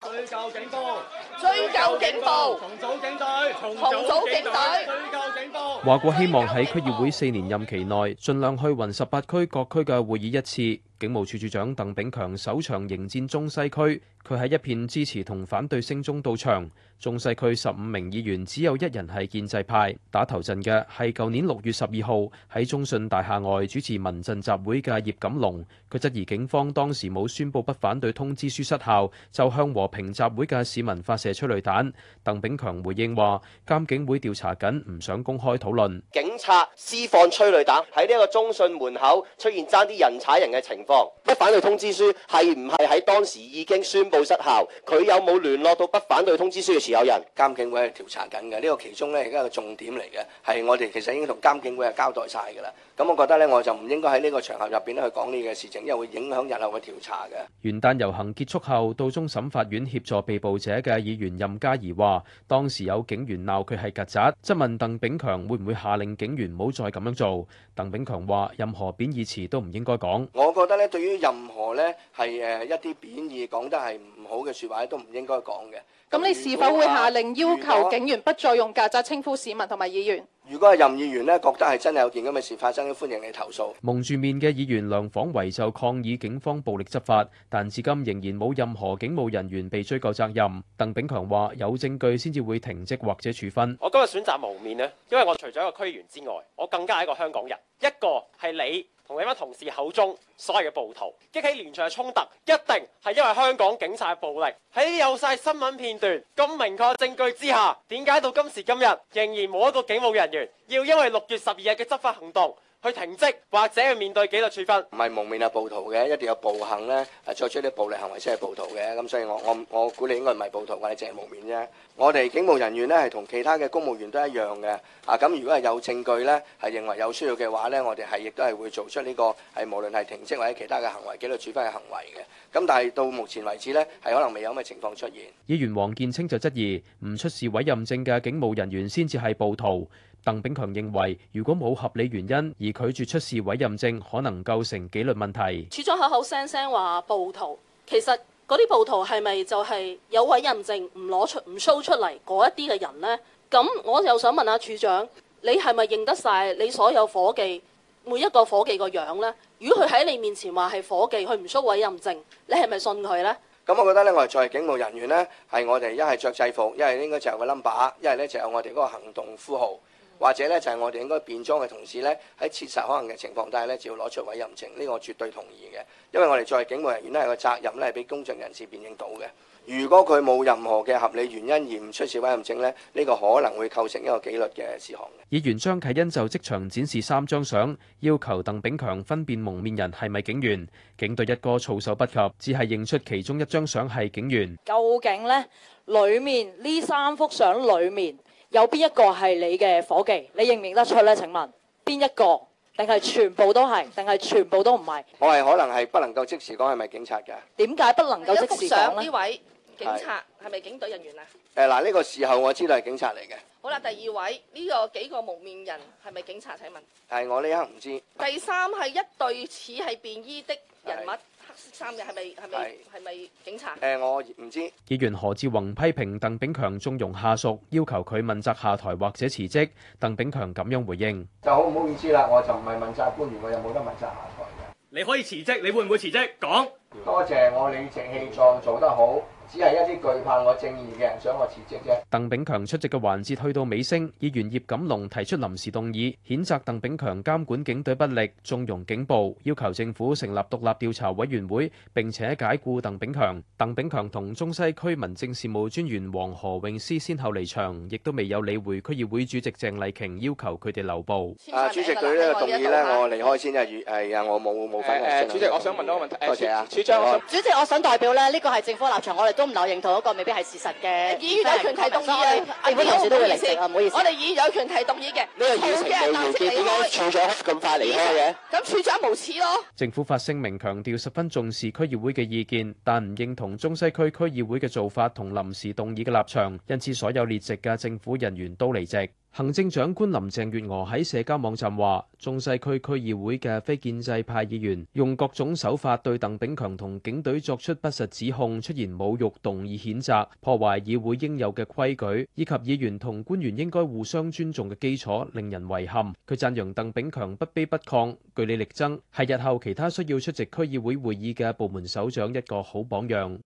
追究警暴，追究警暴，重組警隊，重組警，警隊。追究警暴。話過希望喺區議會四年任期內，盡量去勻十八區各區嘅會議一次。警務處處長鄧炳強首場迎戰中西區，佢喺一片支持同反對聲中到場，中西區十五名議員只有一人係建制派，打頭陣嘅係舊年六月十二號，喺中信大廈外主持民陣集會嘅葉錦龍，佢質疑警方當時冇宣布不反對通知書失效，就向和平集會嘅市民發射催淚彈，鄧炳強回應話，監警會調查緊，唔想公開討論。警察，施放催淚彈，喺這個中信門口，出現爭啲人踩人嘅情況，不反對通知書係唔係喺當時已經宣布失效？佢有冇聯絡到不反對通知書嘅持有人？監警會係調查緊嘅呢個其中，咧而家嘅重點嚟嘅，係我哋其實已經同監警會係交代曬㗎啦。咁我覺得咧，我就唔應該喺呢個場合入邊咧去講呢個事情，因為會影響日後嘅調查嘅。元旦遊行結束後，到終審法院協助被捕者嘅議員任嘉兒話：當時有警員鬧佢係曱甴，質問鄧炳強會唔會下令警員唔好再咁樣做。鄧炳強話：任何貶義詞都唔應該講。我覺得。咧對於任何咧係誒一啲貶義講得係唔好嘅説話咧，都唔應該講嘅。咁你是否會下令要求警員不再用曱甴稱呼市民同埋議員？如果係任議員咧，覺得係真係有件咁嘅事發生，歡迎你投訴。蒙住面嘅議員梁晃維就抗議警方暴力執法，但至今仍然冇任何警務人員被追究責任。鄧炳強話：有證據先至會停職或者處分。我今日選擇無面咧，因為我除咗一個區員之外，我更加係一個香港人。一個係你，同你班同事口中所謂嘅暴徒激起連場嘅衝突，一定係因為香港警察嘅暴力。喺有晒新聞片段咁明確嘅證據之下，點解到今時今日仍然冇一個警務人員要因為六月十二日嘅執法行動？去停職或者去面對紀律處分，唔係蒙面啊暴徒嘅，一定有暴行咧，係作出啲暴力行為先係暴徒嘅，咁所以我我我估你應該唔係暴徒，我哋淨係蒙面啫。我哋警務人員咧係同其他嘅公務員都一樣嘅，啊咁如果係有證據咧，係認為有需要嘅話咧，我哋係亦都係會做出呢個係無論係停職或者其他嘅行為紀律處分嘅行為嘅，咁但係到目前為止咧係可能未有咁嘅情況出現。議員黃建清就質疑，唔出示委任證嘅警務人員先至係暴徒。鄧炳強認為，如果冇合理原因而拒絕出示委任證，可能構成紀律問題。處長口口聲聲話暴徒，其實嗰啲暴徒係咪就係有委任證唔攞出唔 show 出嚟嗰一啲嘅人咧？咁我又想問下處長，你係咪認得晒你所有伙計每一個伙計個樣咧？如果佢喺你面前話係伙計，佢唔 show 委任證，你係咪信佢咧？咁我覺得咧，我哋作為警務人員咧，係我哋一係着制服，一係應該就有個 number，一係咧就有我哋嗰個行動呼號。或者咧就係我哋應該便裝嘅同事咧，喺切實可能嘅情況底下咧，就要攞出委任證。呢個我絕對同意嘅，因為我哋作為警務人員咧，個責任咧係俾公眾人士辨認到嘅。如果佢冇任何嘅合理原因而唔出示委任證咧，呢個可能會構成一個紀律嘅事項。議員張啟欣就即場展示三張相，要求鄧炳強分辨蒙面人係咪警員。警隊一哥措手不及，只係認出其中一張相係警員。究竟咧，裡面呢三幅相裡面，有邊一個係你嘅夥計,你認唔認得出呢請問,邊一個,定係全部都係,定係全部都唔係。黑色衫嘅係咪係咪係咪警察？誒、呃，我唔知。議員何志宏批評鄧炳強縱容下屬，要求佢問責下台或者辭職。鄧炳強咁樣回應：就好唔好意思啦，我就唔係問責官員，我又冇得問責下台嘅。你可以辭職，你會唔會辭職？講。多謝，我理直氣壯做得好。只係一啲懼怕我正義嘅人想我辭職啫。鄧炳強出席嘅環節去到尾聲，議員葉錦龍提出臨時動議，譴責鄧炳強監管警隊不力，縱容警暴，要求政府成立獨立調查委員會，並且解僱鄧炳強。鄧炳強同中西區民政事務專員黃何詠詩先後離場，亦都未有理會區議會主席鄭麗瓊要求佢哋留步。啊，主席，佢呢個動議呢，我離開先啊，如係啊，我冇冇。誒誒，主席，我想問多個問題。多謝啊，處長。主席，我想代表呢，呢個係政府立場，我哋。都唔留認同嗰個，未必係事實嘅。議員有權提動議啊！原本樓主都離席啊，唔好意思。我哋議員有權提動議嘅。你又要求佢離席？點解處長咁快離席嘅？咁處長無恥咯！政府發聲明強調十分重視區議會嘅意見，但唔認同中西區區議會嘅做法同臨時動議嘅立場，因此所有列席嘅政府人員都離席。行政長官林鄭月娥喺社交網站話：中西區區議會嘅非建制派議員用各種手法對鄧炳強同警隊作出不實指控，出現侮辱動議譴責，破壞議會應有嘅規矩，以及議員同官員應該互相尊重嘅基礎，令人遺憾。佢讚揚鄧炳強不卑不亢，據理力爭，係日後其他需要出席區議會會議嘅部門首長一個好榜樣。